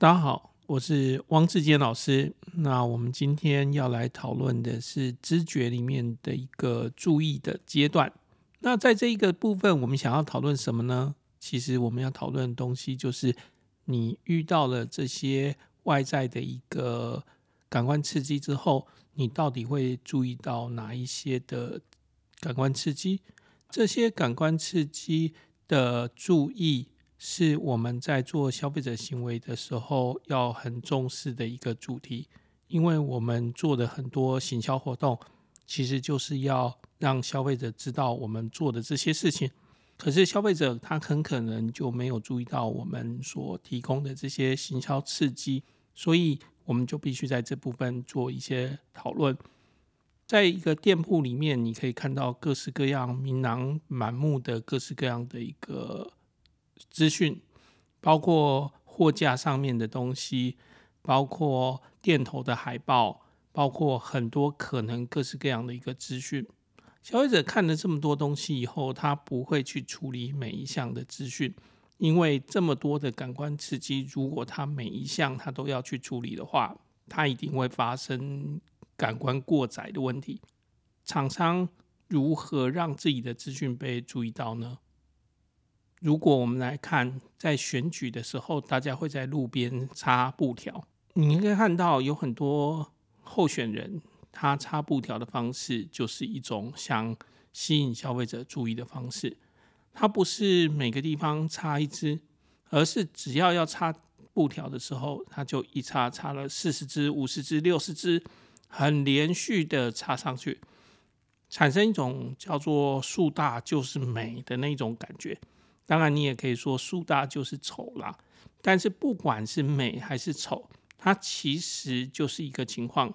大家好，我是汪志堅老師。那我們今天要來討論的是知覺裡面的一個注意的階段。那在這一個部分，我們想要討論什麼呢？其實我們要討論的東西就是，你遇到了這些外在的一個感官刺激之後，你到底會注意到哪一些的感官刺激？這些感官刺激的注意，是我們在做消費者行為的時候要很重視的一個主題，因為我們做的很多行銷活動，其實就是要讓消費者知道我們做的這些事情。可是消費者他很可能就沒有注意到我們所提供的這些行銷刺激，所以我們就必須在這部分做一些討論。在一個店鋪裡面，你可以看到各式各樣、琳琅滿目的各式各樣的一個資訊，包括貨架上面的東西，包括店頭的海報，包括很多可能各式各樣的一個資訊。消費者看了這麼多東西以後，他不會去處理每一項的資訊，因為這麼多的感官刺激，如果他每一項他都要去處理的話，他一定會發生感官過載的問題。廠商如何讓自己的資訊被注意到呢？如果我們來看，在選舉的時候，大家會在路邊插布條。你應該看到有很多候選人，他插布條的方式就是一種想吸引消費者注意的方式。他不是每個地方插一支，而是只要要插布條的時候，他就一插，插了四十支、五十支、六十支，很連續的插上去，產生一種叫做“樹大就是美”的那一種感覺。當然，你也可以說數大就是醜啦。但是不管是美還是醜，它其實就是一個情況。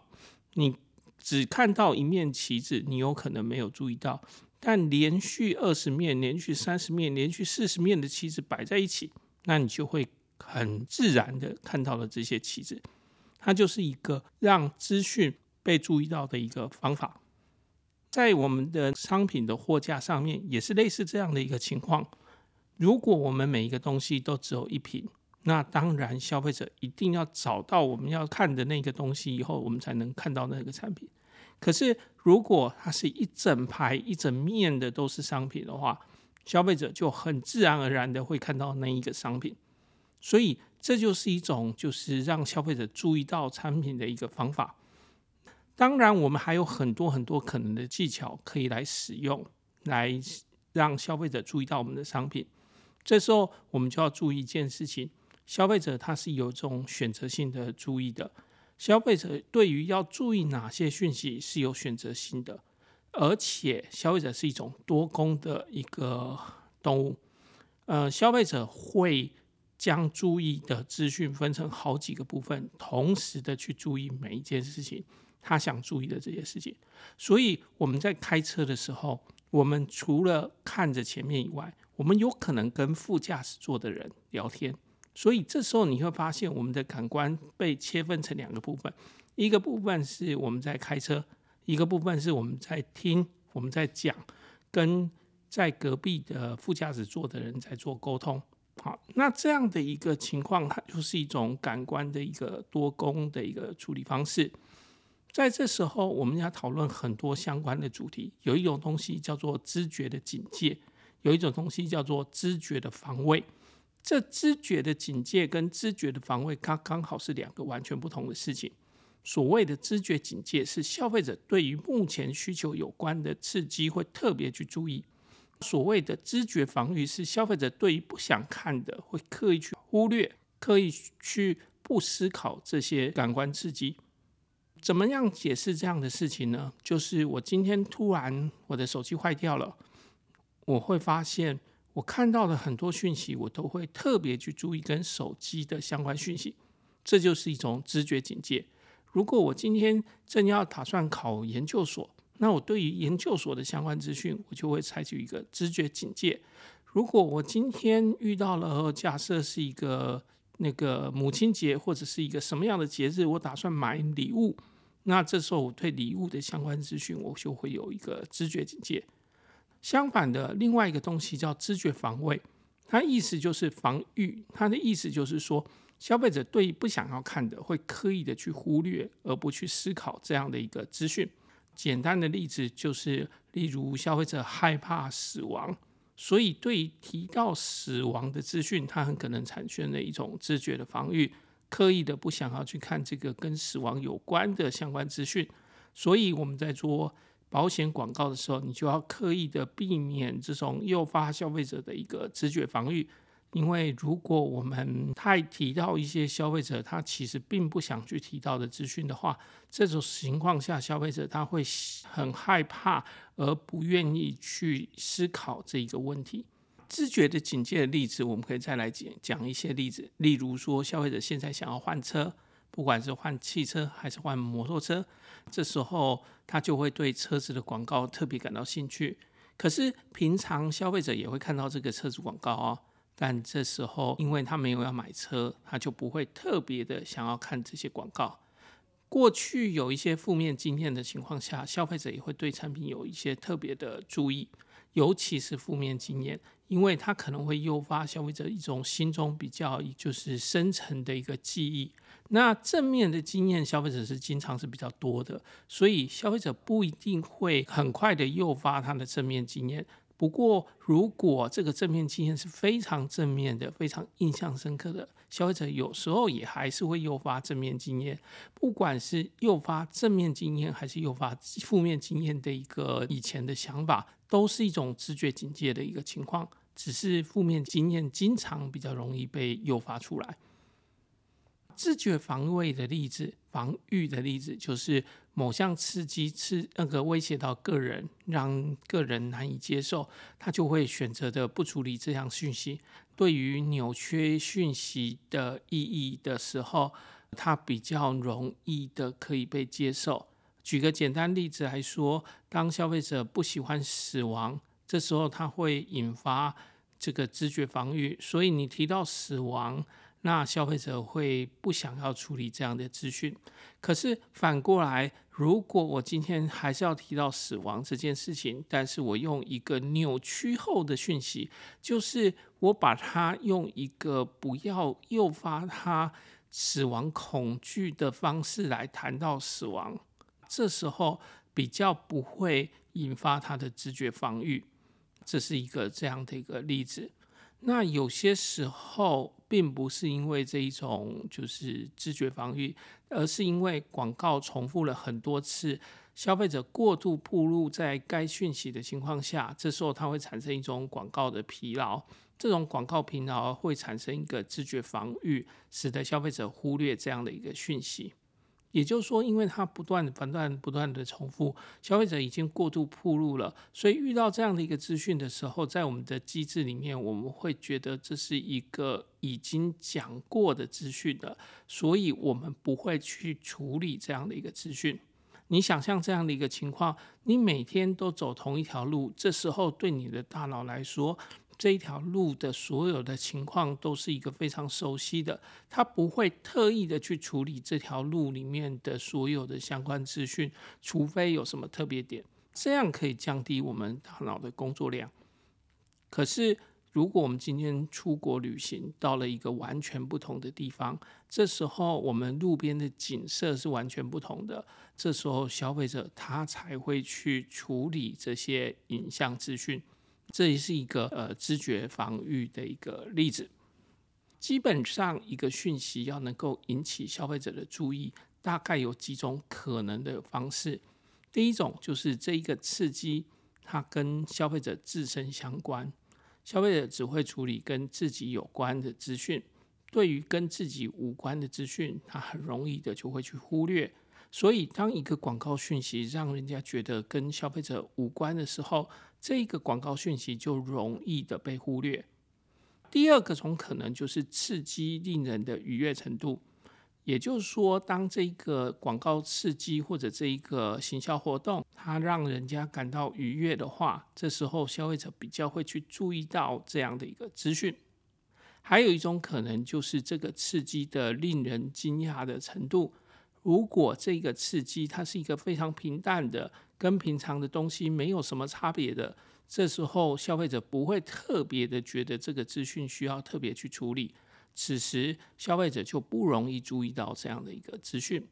你只看到一面旗幟，你有可能沒有注意到；但連續二十面、連續三十面、連續四十面的旗幟擺在一起，那你就會很自然地看到了這些旗幟。它就是一個讓資訊被注意到的一個方法。在我們的商品的貨架上面，也是類似這樣的一個情況。如果我們每一個東西都只有一瓶，那當然消費者一定要找到我們要看的那個東西以後，我們才能看到那個產品。可是如果它是一整排、一整面的都是商品的話，消費者就很自然而然的會看到那一個商品。所以這就是一種就是讓消費者注意到產品的一個方法。當然，我們還有很多很多可能的技巧可以來使用，來讓消費者注意到我們的商品。這時候我們就要注意一件事情：消費者他是有這種選擇性的注意的。消費者對於要注意哪些訊息是有選擇性的，而且消費者是一種多工的一個動物。呃，消費者會將注意的資訊分成好幾個部分，同時的去注意每一件事情，他想注意的這些事情。所以我們在開車的時候，我們除了看着前面以外，我們有可能跟副駕駛座的人聊天，所以這時候你會發現我們的感官被切分成兩個部分，一個部分是我們在開車，一個部分是我們在聽、我們在講，跟在隔壁的副駕駛座的人在做溝通。好，那這樣的一個情況，它就是一種感官的一個多工的一個處理方式。在這時候，我們要討論很多相關的主題，有一種東西叫做知覺的警戒。有一種東西叫做知覺的防衛，這知覺的警戒跟知覺的防衛，它剛好是兩個完全不同的事情。所謂的知覺警戒是消費者對於目前需求有關的刺激會特別去注意；所謂的知覺防禦是消費者對於不想看的會刻意去忽略、刻意去不思考這些感官刺激。怎麼樣解釋這樣的事情呢？就是我今天突然我的手機壞掉了。我會發現，我看到的很多訊息，我都會特別去注意跟手機的相關訊息。這就是一種知覺警戒。如果我今天正要打算考研究所，那我對於研究所的相關資訊，我就會採取一個知覺警戒。如果我今天遇到了，假設是一個那個母親節，或者是一個什麼樣的節日，我打算買禮物，那這時候我對禮物的相關資訊，我就會有一個知覺警戒。相反的，另外一個東西叫知覺防衛，它意思就是防御，它的意思就是說，消費者對於不想要看的會刻意的去忽略，而不去思考這樣的一個資訊。簡單的例子就是，例如消費者害怕死亡，所以對於提到死亡的資訊，他很可能產生了一種知覺的防禦，刻意的不想要去看這個跟死亡有關的相關資訊。所以我們在做保險廣告的時候，你就要刻意的避免這種誘發消費者的一個知覺防禦，因為如果我們太提到一些消費者他其實並不想去提到的資訊的話，這種情況下消費者他會很害怕，而不願意去思考這一個問題。知覺的警戒的例子，我們可以再來講講一些例子，例如說消費者現在想要換車。不管是換汽車還是換摩托車，這時候他就會對車子的廣告特別感到興趣。可是平常消費者也會看到這個車子廣告哦，但這時候因為他沒有要買車，他就不會特別的想要看這些廣告。過去有一些負面經驗的情況下，消費者也會對產品有一些特別的注意，尤其是負面經驗，因為它可能會誘發消費者一種心中比較就是深層的一個記憶。那正面的經驗，消費者是經常是比較多的，所以消費者不一定會很快的誘發他的正面經驗。不過，如果這個正面經驗是非常正面的、非常印象深刻的，消費者有時候也還是會誘發正面經驗。不管是誘發正面經驗，還是誘發負面經驗的一個以前的想法，都是一種知覺警戒的一個情況。只是負面經驗經常比較容易被誘發出來。知覺防衛的例子，防禦的例子就是某項刺激刺那個威脅到個人，讓個人難以接受，他就會選擇的不處理這項訊息。對於扭曲訊息的意義的時候，他比較容易的可以被接受。舉個簡單例子來說，當消費者不喜歡死亡，這時候他會引發這個知覺防禦。所以你提到死亡。那消費者會不想要處理這樣的資訊，可是反過來，如果我今天還是要提到死亡這件事情，但是我用一個扭曲後的訊息，就是我把它用一個不要誘發他死亡恐懼的方式來談到死亡，這時候比較不會引發他的知覺防禦，這是一個這樣的一個例子。那有些時候並不是因為這一種就是知覺防禦，而是因為廣告重複了很多次，消費者過度暴露在該訊息的情況下，這時候它會產生一種廣告的疲勞，這種廣告疲勞會產生一個知覺防禦，使得消費者忽略這樣的一個訊息。也就是說，因為它不斷、不斷不斷、不斷的重複，消費者已經過度曝露了，所以遇到這樣的一個資訊的時候，在我們的機制裡面，我們會覺得這是一個已經講過的資訊的，所以我們不會去處理這樣的一個資訊。你想像這樣的一個情況，你每天都走同一條路，這時候對你的大腦來說，這一條路的所有的情況都是一個非常熟悉的，他不會特意的去處理這條路裡面的所有的相關資訊，除非有什麼特別點，這樣可以降低我們大腦的工作量。可是，如果我們今天出國旅行，到了一個完全不同的地方，這時候我們路邊的景色是完全不同的，這時候消費者他才會去處理這些影像資訊。這也是一個呃知覺防禦的一個例子。基本上，一個訊息要能夠引起消費者的注意，大概有幾種可能的方式。第一種就是這一個刺激，它跟消費者自身相關，消費者只會處理跟自己有關的資訊，對於跟自己無關的資訊，他很容易的就會去忽略。所以，當一個廣告訊息讓人家覺得跟消費者無關的時候，這一個廣告訊息就容易的被忽略。第二個種可能就是刺激令人的愉悅程度，也就是說，當這一個廣告刺激或者這一個行銷活動，它讓人家感到愉悅的話，這時候消費者比較會去注意到這樣的一個資訊。還有一種可能就是這個刺激的令人驚訝的程度。如果這個刺激它是一個非常平淡的，跟平常的東西沒有什麼差別的，這時候消費者不會特別的覺得這個資訊需要特別去處理，此時消費者就不容易注意到這樣的一個資訊。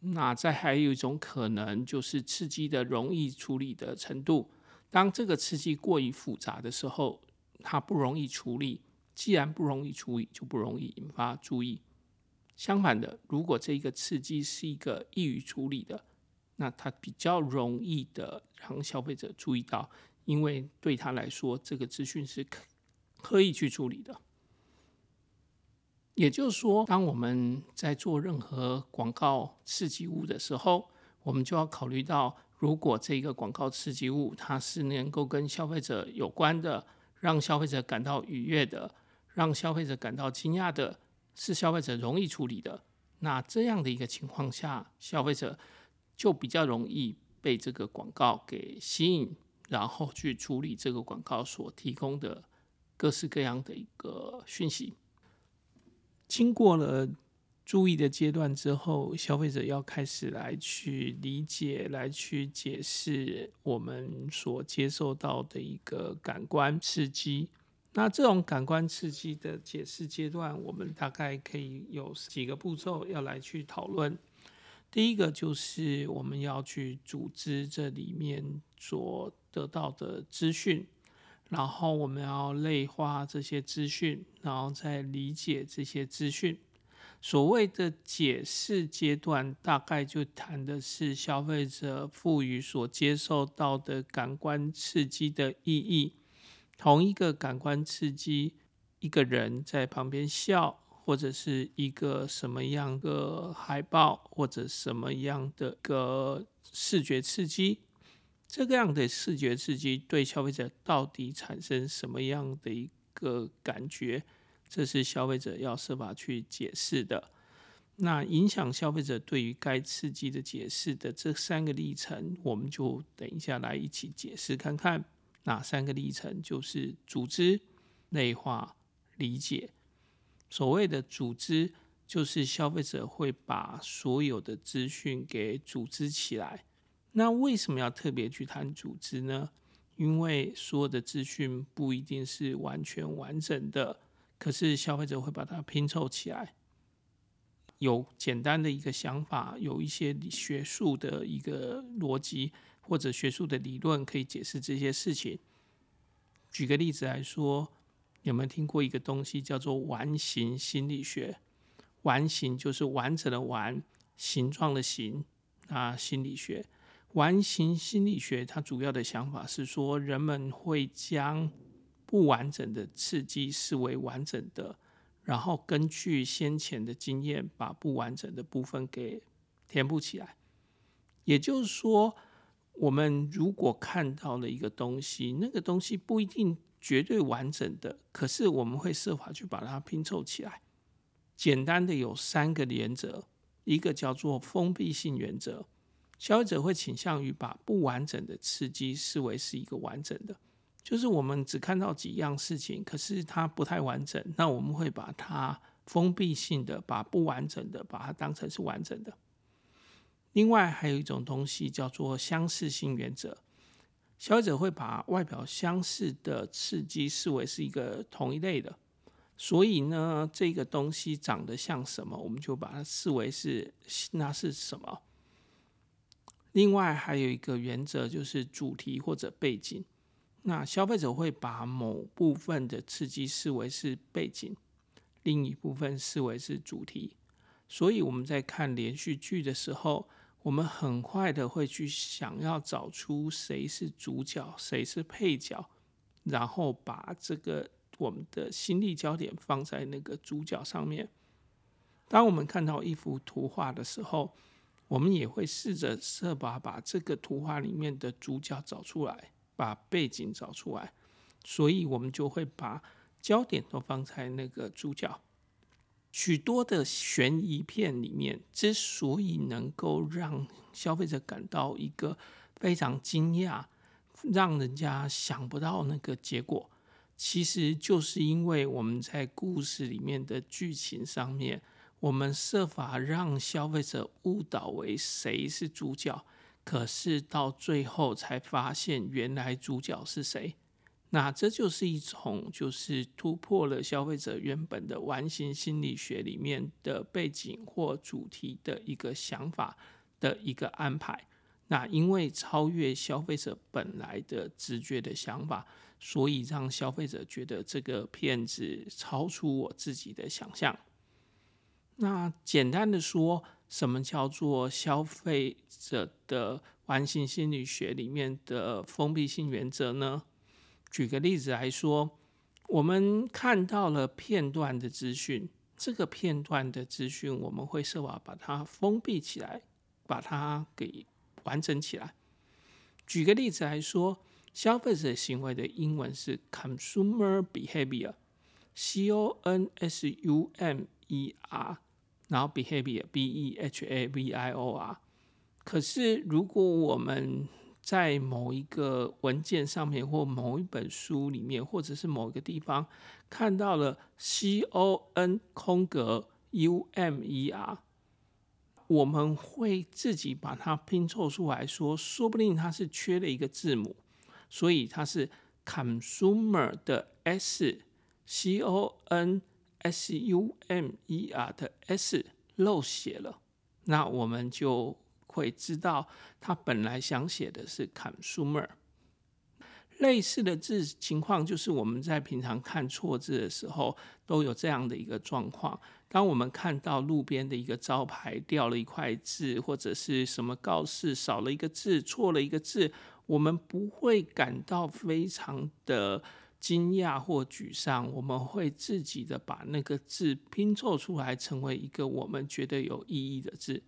那再還有一種可能就是刺激的容易處理的程度，當這個刺激過於複雜的時候，它不容易處理，既然不容易處理，就不容易引發注意。相反的，如果這一個刺激是一個易於處理的，那它比較容易的讓消費者注意到，因為對他來說，這個資訊是可可以去處理的。也就是說，當我們在做任何廣告刺激物的時候，我們就要考慮到，如果這個廣告刺激物它是能夠跟消費者有關的，讓消費者感到愉悅的，讓消費者感到驚訝的。是消費者容易處理的，那這樣的一個情況下，消費者就比較容易被這個廣告給吸引，然後去處理這個廣告所提供的各式各樣的一個訊息。經過了注意的階段之後，消費者要開始來去理解、來去解釋我們所接受到的一個感官刺激。那這種感官刺激的解釋階段，我們大概可以有幾個步驟要來去討論。第一個就是我們要去組織這裡面所得到的資訊，然後我們要類化這些資訊，然後再理解這些資訊。所謂的解釋階段，大概就談的是消費者賦予所接受到的感官刺激的意義。同一個感官刺激，一個人在旁邊笑，或者是一個什麼樣的海報，或者什麼樣的個視覺刺激，這個樣的視覺刺激對消費者到底產生什麼樣的一個感覺，這是消費者要設法去解釋的。那影響消費者對於該刺激的解釋的這三個歷程，我們就等一下來一起解釋看看。哪三個歷程？就是組織、類化、理解。所謂的組織，就是消費者會把所有的資訊給組織起來。那為什麼要特別去談組織呢？因為所有的資訊不一定是完全完整的，可是消費者會把它拼湊起來，有簡單的一個想法，有一些學術的一個邏輯，或者學術的理論可以解釋這些事情。舉個例子來說，你有沒有聽過一個東西叫做完形心理學？完形就是完整的完，形狀的形啊，心理學。完形心理學它主要的想法是說，人們會將不完整的刺激視為完整的，然後根據先前的經驗，把不完整的部分給填補起來。也就是說，我們如果看到了一個東西，那個東西不一定絕對完整的，可是我們會設法去把它拼湊起來。簡單的有三個原則，一個叫做封閉性原則。消費者會傾向於把不完整的刺激視為是一個完整的，就是我們只看到幾樣事情，可是它不太完整，那我們會把它封閉性的，把不完整的，把它當成是完整的。另外還有一種東西叫做相似性原則，消費者會把外表相似的刺激視為是一個同一類的，所以呢，這個東西長得像什麼，我們就把它視為是那是什麼。另外還有一個原則就是主題或者背景，那消費者會把某部分的刺激視為是背景，另一部分視為是主題，所以我們在看連續劇的時候，我們很快的會去想要找出誰是主角，誰是配角，然後把這個我們的心理焦點放在那個主角上面。當我們看到一幅圖畫的時候，我們也會試着設法把，把這個圖畫裡面的主角找出來，把背景找出來，所以我們就會把焦點都放在那個主角。許多的懸疑片裡面，之所以能夠讓消費者感到一個非常驚訝，讓人家想不到那個結果，其實就是因為我們在故事裡面的劇情上面，我們設法讓消費者誤導為誰是主角，可是到最後才發現原來主角是誰。那這就是一種，就是突破了消費者原本的完形心理學裡面的背景或主題的一個想法的一個安排。那因為超越消費者本來的直覺的想法，所以讓消費者覺得這個片子超出我自己的想象。那簡單的說，什麼叫做消費者的完形心理學裡面的封閉性原則呢？舉個例子來說，我們看到了片段的資訊，這個片段的資訊我們會設法把它封閉起來，把它給完整起來。舉個例子來說，消費者行為的英文是 consumer behavior，C O N S U M E R，然後 behavior，B E H A V I O R。可是如果我們在某一個文件上面，或某一本書裡面，或者是某一個地方，看到了 C O N 空格 U M E R，我們會自己把它拼湊出來說，說不定它是缺了一個字母，所以它是 consumer 的 S C O N S U M E R 的 S 漏寫了，那我們就會知道他本來想寫的是 consumer。類似的字情況，就是我們在平常看錯字的時候，都有這樣的一個狀況。當我們看到路邊的一個招牌掉了一塊字，或者是什麼告示少了一個字、錯了一個字，我們不會感到非常的驚訝或沮喪，我們會自己的把那個字拼湊出來，成為一個我們覺得有意義的字。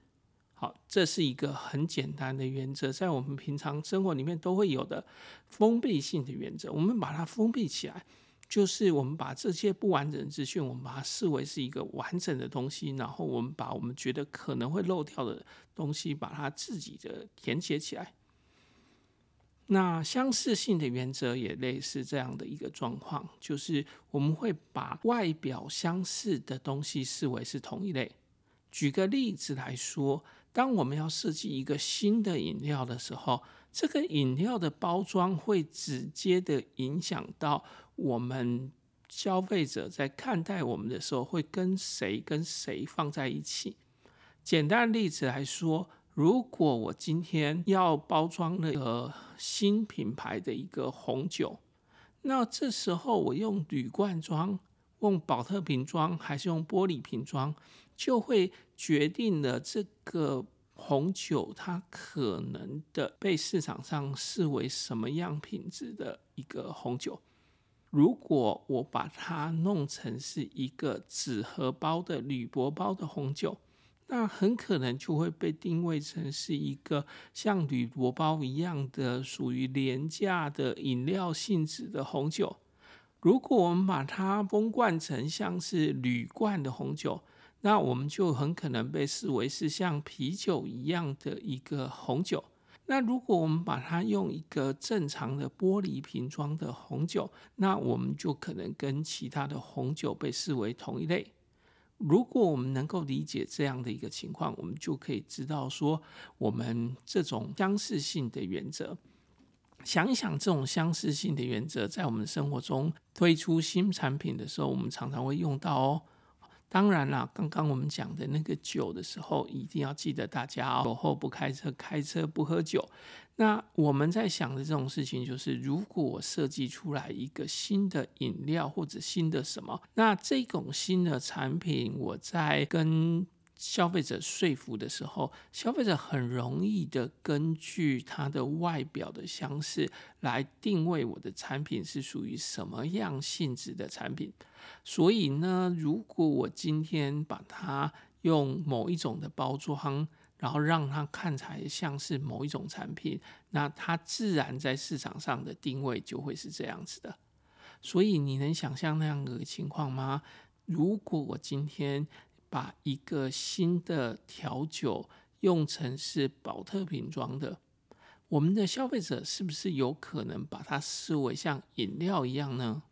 這是一個很簡單的原則，在我們平常生活裡面都會有的封閉性的原則。我們把它封閉起來，就是我們把這些不完整的資訊，我們把它視為是一個完整的東西，然後我們把我們覺得可能會漏掉的東西，把它自己的填寫起來。那相似性的原則也類似這樣的一個狀況，就是我們會把外表相似的東西視為是同一類。舉個例子來說。當我們要設計一個新的飲料的時候，這個飲料的包裝會直接的影響到我們消費者在看待我們的時候，會跟誰跟誰放在一起。簡單的例子來說，如果我今天要包裝了一個新品牌的一個紅酒，那這時候我用鋁罐裝、用寶特瓶裝還是用玻璃瓶裝，就會。決定了這個紅酒，它可能的被市場上視為什麼樣品質的一個紅酒。如果我把它弄成是一個紙盒包的、鋁箔包的紅酒，那很可能就會被定位成是一個像鋁箔包一樣的、屬於廉價的飲料性質的紅酒。如果我們把它封罐成像是鋁罐的紅酒，那我們就很可能被視為是像啤酒一樣的一個紅酒。那如果我們把它用一個正常的玻璃瓶裝的紅酒，那我們就可能跟其他的紅酒被視為同一類。如果我們能夠理解這樣的一個情況，我們就可以知道說，我們這種相似性的原則。想一想，這種相似性的原則在我們生活中推出新產品的時候，我們常常會用到哦。當然啦，剛剛我們講的那個酒的時候，一定要記得大家哦，酒後不開車，開車不喝酒。那我們在想的這種事情，就是如果我設計出來一個新的飲料或者新的什麼，那這種新的產品，我在跟。消費者說服的時候，消費者很容易地根據它的外表的相似來定位我的產品是屬於什麼樣性質的產品。所以呢，如果我今天把它用某一種的包裝，然後讓它看起來像是某一種產品，那它自然在市場上的定位就會是這樣子的。所以你能想象那樣的情況嗎？如果我今天。把一個新的調酒用成是寶特瓶裝的，我們的消費者是不是有可能把它視為像飲料一樣呢？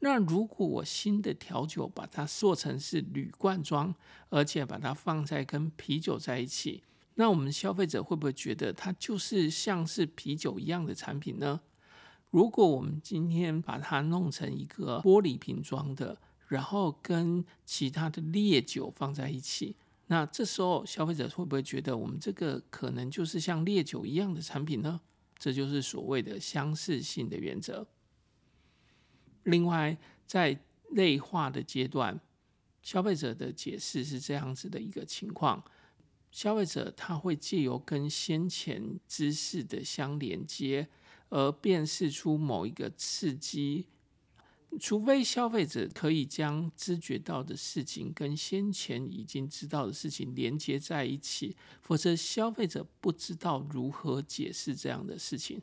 那如果我新的調酒把它做成是鋁罐裝，而且把它放在跟啤酒在一起，那我們消費者會不會覺得它就是像是啤酒一樣的產品呢？如果我們今天把它弄成一個玻璃瓶裝的，然後跟其他的烈酒放在一起，那這時候消費者會不會覺得我們這個可能就是像烈酒一樣的產品呢？這就是所謂的相似性的原則。另外，在類化的階段，消費者的解釋是這樣子的一個情況：消費者他會借由跟先前知識的相連接，而辨識出某一個刺激。除非消費者可以將知覺到的事情跟先前已經知道的事情連接在一起，否則消費者不知道如何解釋這樣的事情。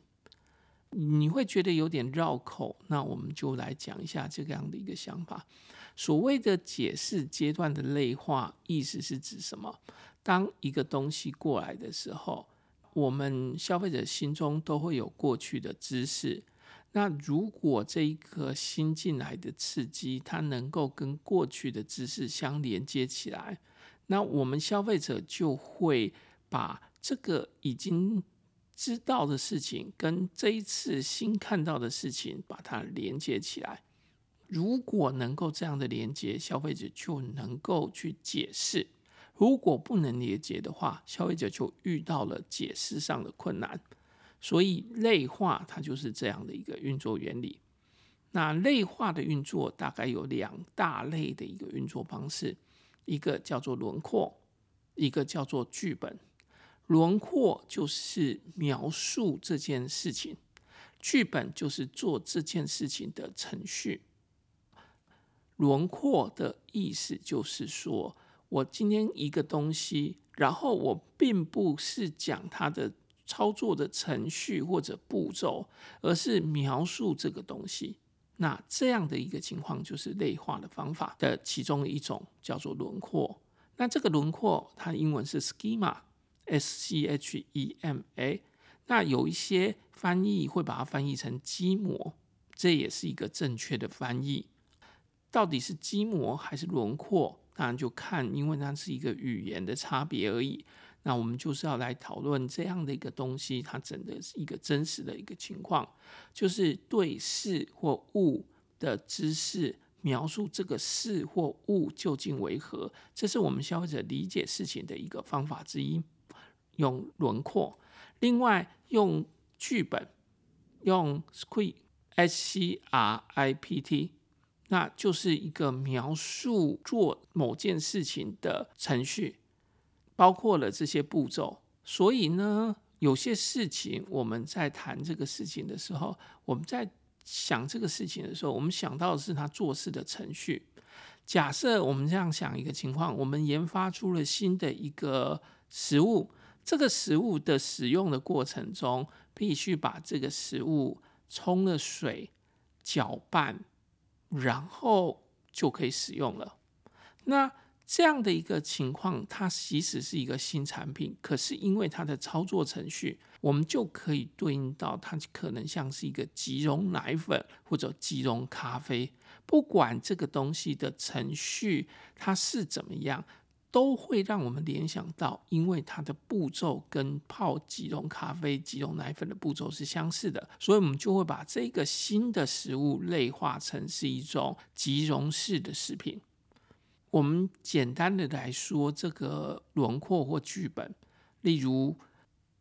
你會覺得有點繞口，那我們就來講一下這樣的一個想法。所謂的解釋階段的類化，意思是指什麼？當一個東西過來的時候，我們消費者心中都會有過去的知識。那如果這一個新進來的刺激，它能夠跟過去的知識相連接起來，那我們消費者就會把這個已經知道的事情跟這一次新看到的事情把它連接起來。如果能夠這樣的連接，消費者就能夠去解釋；如果不能連接的話，消費者就遇到了解釋上的困難。所以類化它就是這樣的一個運作原理。那類化的運作大概有兩大類的一個運作方式，一個叫做輪廓，一個叫做劇本。輪廓就是描述這件事情，劇本就是做這件事情的程序。輪廓的意思就是說，我今天一個東西，然後我並不是講它的。操作的程序或者步驟，而是描述這個東西。那這樣的一個情況就是類化的方法的其中一種，叫做輪廓。那這個輪廓它英文是 schema，s c h e m a。那有一些翻譯會把它翻譯成基模，這也是一個正確的翻譯。到底是基模還是輪廓，當然就看，因為它是一個語言的差別而已。那我們就是要來討論這樣的一個東西，它真的是一個真實的一個情況，就是對事或物的知識描述，這個事或物究竟為何？這是我們消費者理解事情的一個方法之一，用輪廓，另外用劇本，用 script，S-C-R-I-P-T，那就是一個描述做某件事情的程序。包括了這些步驟，所以呢，有些事情我們在談這個事情的時候，我們在想這個事情的時候，我們想到的是他做事的程序。假設我們這樣想一個情況，我們研發出了新的一個食物，這個食物的使用的過程中，必須把這個食物沖了水，攪拌，然後就可以使用了。那。這樣的一個情況，它其實是一個新產品，可是因為它的操作程序，我們就可以對應到它可能像是一個即溶奶粉或者即溶咖啡。不管這個東西的程序它是怎麼樣，都會讓我們聯想到，因為它的步驟跟泡即溶咖啡、即溶奶粉的步驟是相似的，所以我們就會把這個新的食物類化成是一種即溶式的食品。我們簡單的來說，這個輪廓或劇本，例如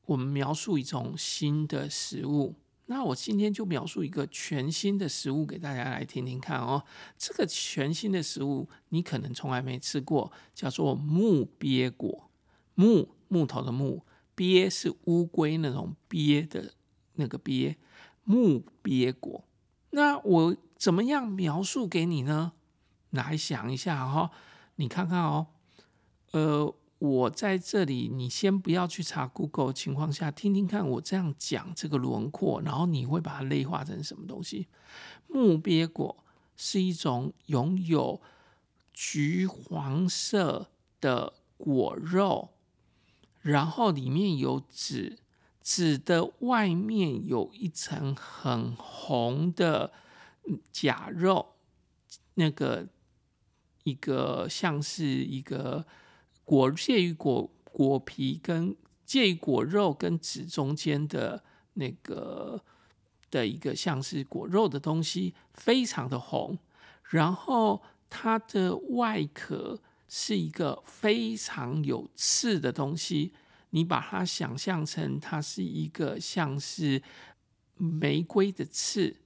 我們描述一種新的食物，那我今天就描述一個全新的食物給大家來聽聽看哦。這個全新的食物你可能從來沒吃過，叫做木鱉果。木，木頭的木，鱉是烏龜那種鱉的那個鱉，木鱉果。那我怎麼樣描述給你呢？來想一下哈、哦，你看看哦，呃，我在這裡，你先不要去查 Google 情況下，聽聽看我這樣講這個輪廓，然後你會把它類化成什麼東西？木鱉果是一種擁有橘黃色的果肉，然後裡面有籽，籽的外面有一層很紅的假肉，那個。一個像是一個果，介於果，果皮跟介於果肉跟籽中間的那個的一個像是果肉的東西，非常的紅。然後它的外殼是一個非常有刺的東西，你把它想象成它是一個像是玫瑰的刺。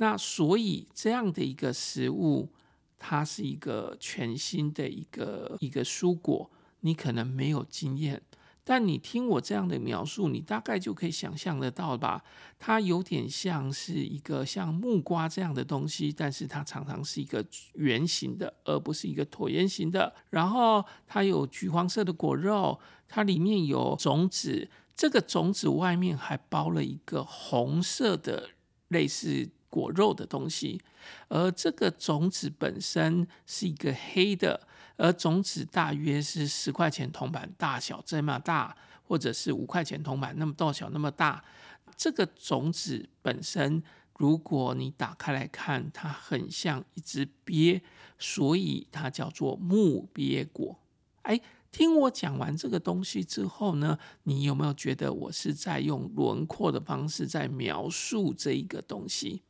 那所以這樣的一個食物。它是一個全新的一個一個蔬果，你可能沒有經驗，但你聽我這樣的描述，你大概就可以想象得到吧？它有點像是一個像木瓜這樣的東西，但是它常常是一個圓形的，而不是一個橢圓形的。然後它有橘黃色的果肉，它裡面有種子，這個種子外面還包了一個紅色的類似。果肉的東西，而這個種子本身是一個黑的，而種子大約是十塊錢銅板大小，這麼大，或者是五塊錢銅板那麼大小那麼大。這個種子本身，如果你打開來看，它很像一隻鱉，所以它叫做木鱉果。哎，聽我講完這個東西之後呢，你有沒有覺得我是在用輪廓的方式在描述這一個東西？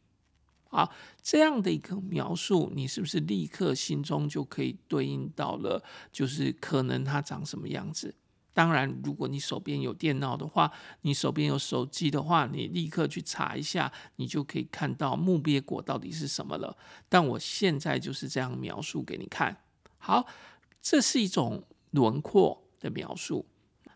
好，這樣的一個描述，你是不是立刻心中就可以對應到了？就是可能它長什麼樣子？當然，如果你手邊有電腦的話，你手邊有手機的話，你立刻去查一下，你就可以看到木鱉果到底是什麼了。但我現在就是這樣描述給你看。好，這是一種輪廓的描述。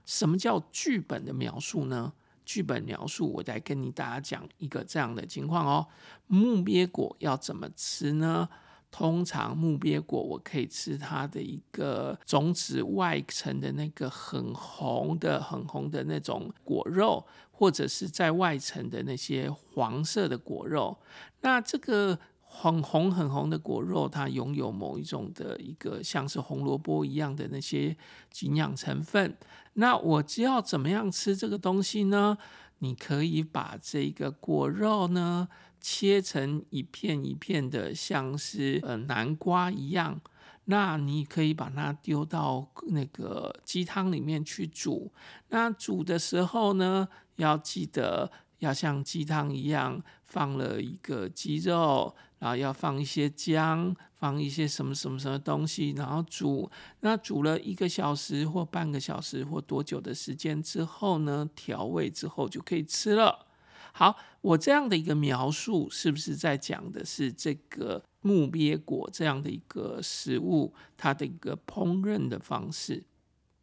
什麼叫劇本的描述呢？劇本描述，我再跟你大家講一個這樣的情況哦。木鱉果要怎麼吃呢？通常木鱉果，我可以吃它的一個種子外層的那個很紅的、很紅的那種果肉，或者是在外層的那些黃色的果肉。那這個很紅、很紅的果肉，它擁有某一種的一個像是紅蘿蔔一樣的那些營養成分。那我就要怎麼樣吃這個東西呢？你可以把這個果肉呢，切成一片一片的，像是呃南瓜一樣。那你可以把它丟到那個雞湯裡面去煮。那煮的時候呢，要記得要像雞湯一樣放了一個雞肉。啊，要放一些薑，放一些什麼什麼什麼東西，然後煮。那煮了一個小時或半個小時或多久的時間之後呢，調味之後就可以吃了。好，我這樣的一個描述，是不是在講的是這個木鱉果這樣的一個食物，它的一個烹飪的方式？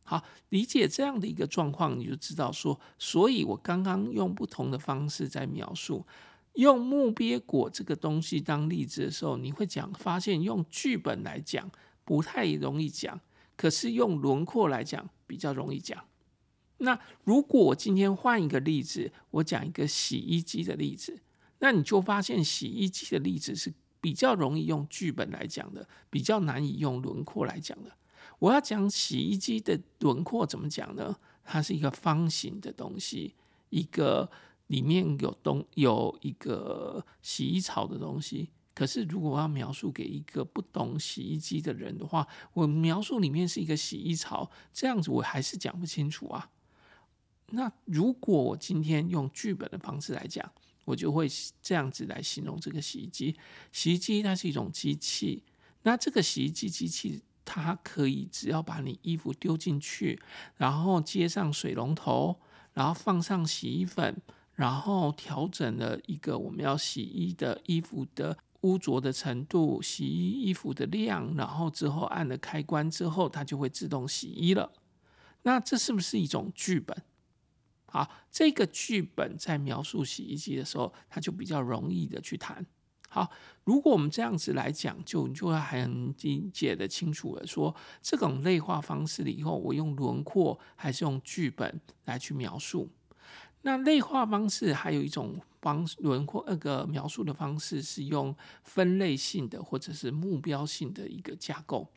好，理解這樣的一個狀況，你就知道說，所以我剛剛用不同的方式在描述。用木鱉果這個東西當例子的時候，你會講發現用劇本來講不太容易講，可是用輪廓來講比較容易講。那如果我今天換一個例子，我講一個洗衣機的例子，那你就發現洗衣機的例子是比較容易用劇本來講的，比較難以用輪廓來講的。我要講洗衣機的輪廓怎麼講呢？它是一個方形的東西，一個。裡面有東有一個洗衣槽的東西，可是如果我要描述給一個不懂洗衣機的人的話，我描述裡面是一個洗衣槽，這樣子我還是講不清楚啊。那如果我今天用劇本的方式來講，我就會這樣子來形容這個洗衣機。洗衣機它是一種機器，那這個洗衣機機器它可以只要把你衣服丟進去，然後接上水龍頭，然後放上洗衣粉。然後調整了一個我們要洗衣的衣服的污濁的程度，洗衣衣服的量，然後之後按了開關之後，它就會自動洗衣了。那這是不是一種劇本？好，這個劇本在描述洗衣機的時候，它就比較容易的去談。好，如果我們這樣子來講，就你就會很理解的清楚了說。說這種類化方式了以後，我用輪廓還是用劇本來去描述。那類化方式還有一種方輪廓那個描述的方式，是用分類性的或者是目標性的一個架構。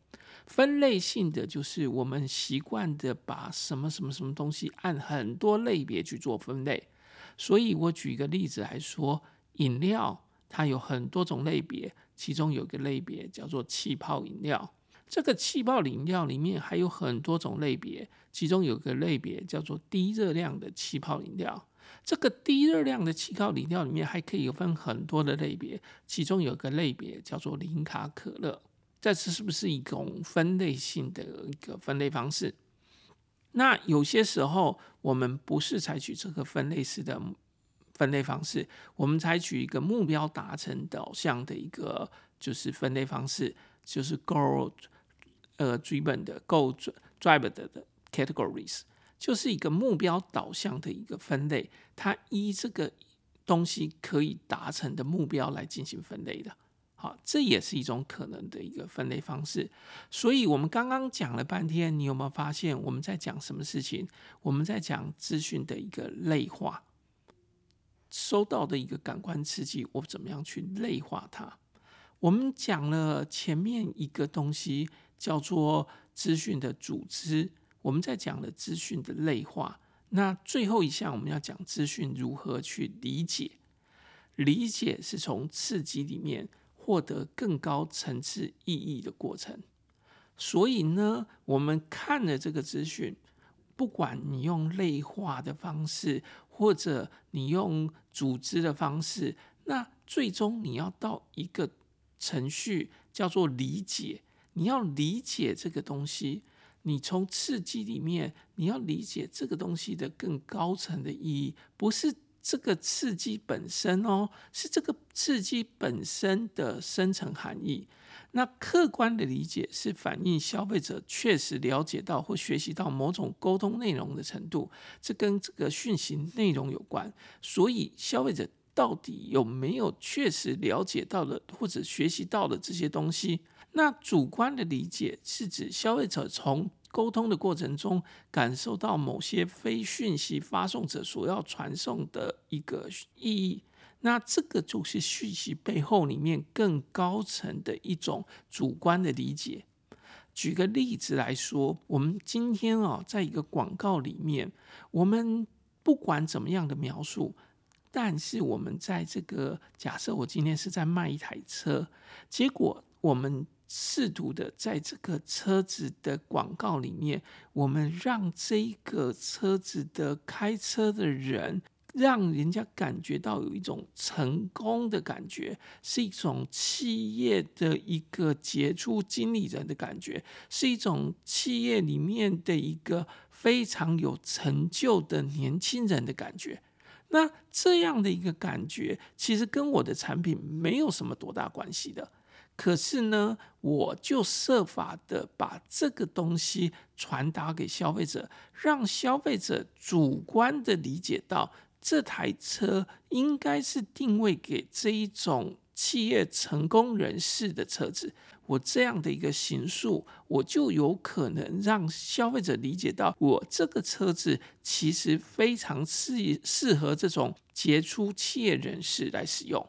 分類性的就是我們習慣的把什麼什麼什麼東西按很多類別去做分類。所以我舉一個例子來說，飲料它有很多種類別，其中有個類別叫做氣泡飲料。這個氣泡飲料裡面還有很多種類別。其中有個類別叫做低熱量的氣泡飲料。這個低熱量的氣泡飲料裡面還可以有分很多的類別，其中有個類別叫做零卡可樂。這是不是一種分類性的一個分類方式？那有些時候我們不是採取這個分類式的分類方式，我們採取一個目標達成導向的一個就是分類方式，就是 goal 呃 driven 的 goal driven 的。Categories 就是一個目標導向的一個分類，它依這個東西可以達成的目標來進行分類的。好，這也是一種可能的一個分類方式。所以，我們剛剛講了半天，你有沒有發現我們在講什麼事情？我們在講資訊的一個類化，收到的一個感官刺激，我怎麼樣去類化它？我們講了前面一個東西叫做資訊的組織。我們在講的資訊的類化，那最後一項我們要講資訊如何去理解。理解是從刺激裡面獲得更高層次意義的過程。所以呢，我們看了這個資訊，不管你用類化的方式，或者你用組織的方式，那最終你要到一個程序叫做理解。你要理解這個東西。你從刺激裡面，你要理解這個東西的更高層的意義，不是這個刺激本身哦，是這個刺激本身的深層含義。那客觀的理解是反映消費者確實了解到或學習到某種溝通內容的程度，這跟這個訊息內容有關。所以，消費者到底有沒有確實了解到了或者學習到了這些東西？那主觀的理解是指消費者從溝通的過程中感受到某些非訊息發送者所要傳送的一個意義。那這個就是訊息背後裡面更高層的一種主觀的理解。舉個例子來說，我們今天啊，在一個廣告裡面，我們不管怎麼樣的描述，但是我們在這個假設，我今天是在賣一台車，結果我們。試圖的在這個車子的廣告裡面，我們讓這個車子的開車的人，讓人家感覺到有一種成功的感覺，是一種企業的一個傑出經理人的感覺，是一種企業裡面的一個非常有成就的年輕人的感覺。那這樣的一個感覺，其實跟我的產品沒有什麼多大關係的。可是呢，我就設法的把這個東西傳達給消費者，讓消費者主觀的理解到這台車應該是定位給這一種企業成功人士的車子。我這樣的一個行述，我就有可能讓消費者理解到，我這個車子其實非常適適合這種傑出企業人士來使用。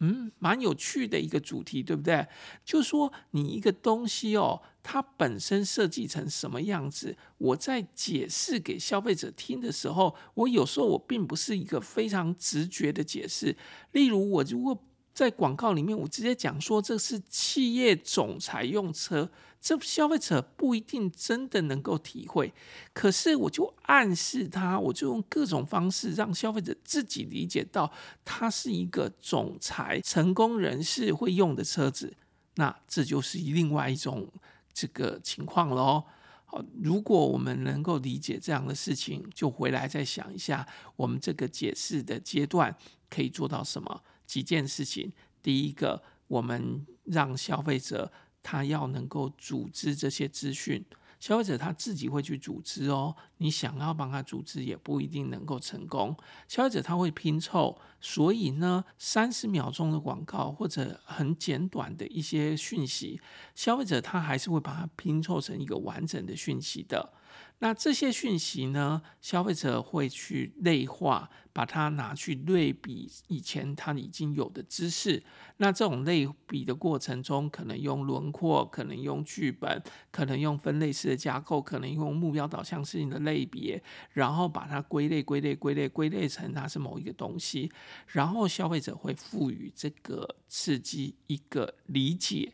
嗯，蠻有趣的一個主題，對不對？就說你一個東西哦，它本身設計成什麼樣子，我在解釋給消費者聽的時候，我有時候我並不是一個非常直覺的解釋。例如，我如果在廣告裡面，我直接講說，這是企業總裁用車。這消費者不一定真的能夠體會，可是我就暗示他，我就用各種方式讓消費者自己理解到，他是一個總裁、成功人士會用的車子，那這就是另外一種這個情況囉。好，如果我們能夠理解這樣的事情，就回來再想一下，我們這個解釋的階段可以做到什麼。幾件事情。第一個，我們讓消費者。他要能夠組織這些資訊，消費者他自己會去組織哦。你想要幫他組織，也不一定能夠成功。消費者他會拼湊，所以呢，三十秒鐘的廣告或者很簡短的一些訊息，消費者他還是會把它拼湊成一個完整的訊息的。那這些訊息呢，消費者會去類化，把它拿去類比以前他已經有的知識。那這種類比的過程中，可能用輪廓，可能用劇本，可能用分類式的架構，可能用目標導向性的類別，然後把它歸類、歸類、歸類、歸類成它是某一個東西。然後消費者會賦予這個刺激一個理解。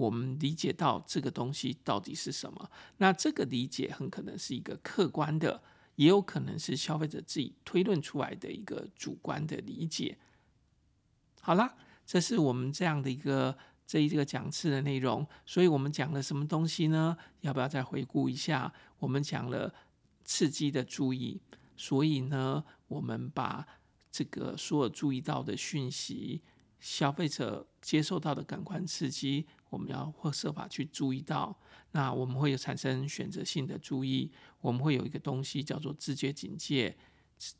我們理解到這個東西到底是什麼？那這個理解很可能是一個客觀的，也有可能是消費者自己推論出來的一個主觀的理解。好啦，這是我們這樣的一個這一個講次的內容。所以我們講了什麼東西呢？要不要再回顧一下？我們講了刺激的注意。所以呢，我們把這個所有注意到的訊息，消費者接受到的感官刺激。我們要或設法去注意到，那我們會有產生選擇性的注意，我們會有一個東西叫做知覺警戒，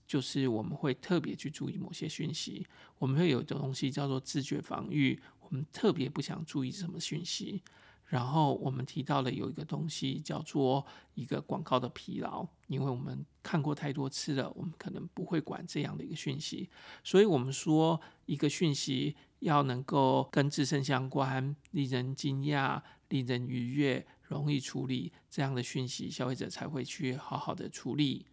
就是我們會特別去注意某些訊息；我們會有一個東西叫做知覺防禦，我們特別不想注意什麼訊息。然後我們提到了有一個東西叫做一個廣告的疲勞，因為我們看過太多次了，我們可能不會管這樣的一個訊息。所以，我們說一個訊息。要能夠跟自身相關、令人驚訝、令人愉悅、容易處理這樣的訊息，消費者才會去好好的處理。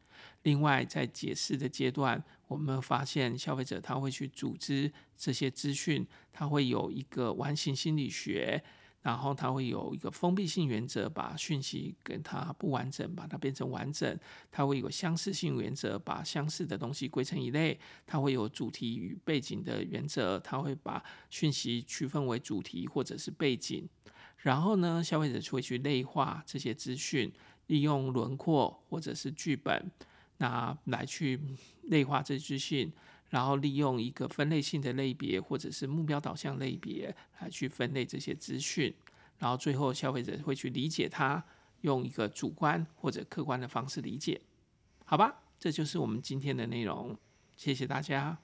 另外，在解釋的階段，我們發現消費者他會去組織這些資訊，他會有一個完形心理學。然後它會有一個封閉性原則，把訊息跟它不完整，把它變成完整。它會有相似性原則，把相似的東西歸成一類。它會有主題與背景的原則，它會把訊息區分為主題或者是背景。然後呢，消費者就會去類化這些資訊，利用輪廓或者是劇本，那來去類化這資訊。然後利用一個分類性的類別，或者是目標導向類別來去分類這些資訊，然後最後消費者會去理解它，用一個主觀或者客觀的方式理解。好吧？這就是我們今天的內容，謝謝大家。